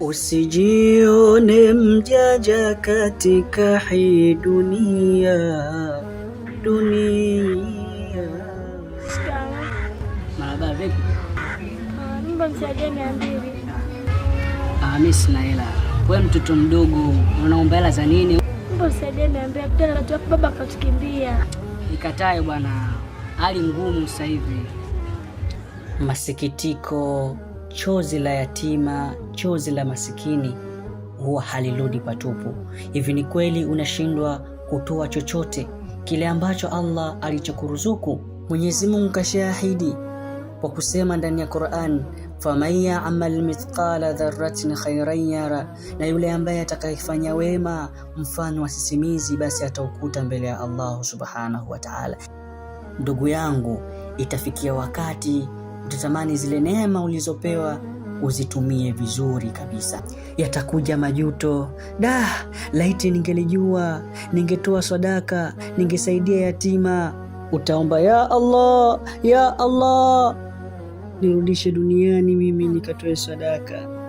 Usijione mjaja katika hii dunia dunia. Marahaba vipi? Ah, mimi sina hela. Wewe mtoto mdogo unaomba hela za nini? Baba katukimbia. Ikatae bwana, hali ngumu sasa hivi. Masikitiko chozi la yatima, chozi la masikini huwa halirudi patupu. Hivi ni kweli unashindwa kutoa chochote kile ambacho Allah alichokuruzuku? Mwenyezi Mungu kashaahidi kwa kusema ndani ya Qur'an, faman ya'mal mithqala dharratin khairan yara, na yule ambaye atakayefanya wema mfano wa sisimizi basi ataukuta mbele ya Allah subhanahu wa ta'ala. Ndugu yangu, itafikia wakati utatamani zile neema ulizopewa uzitumie vizuri kabisa. Yatakuja majuto, da, laiti ningelijua, ningetoa sadaka, ningesaidia yatima. Utaomba, ya Allah, ya Allah, nirudishe duniani mimi nikatoe sadaka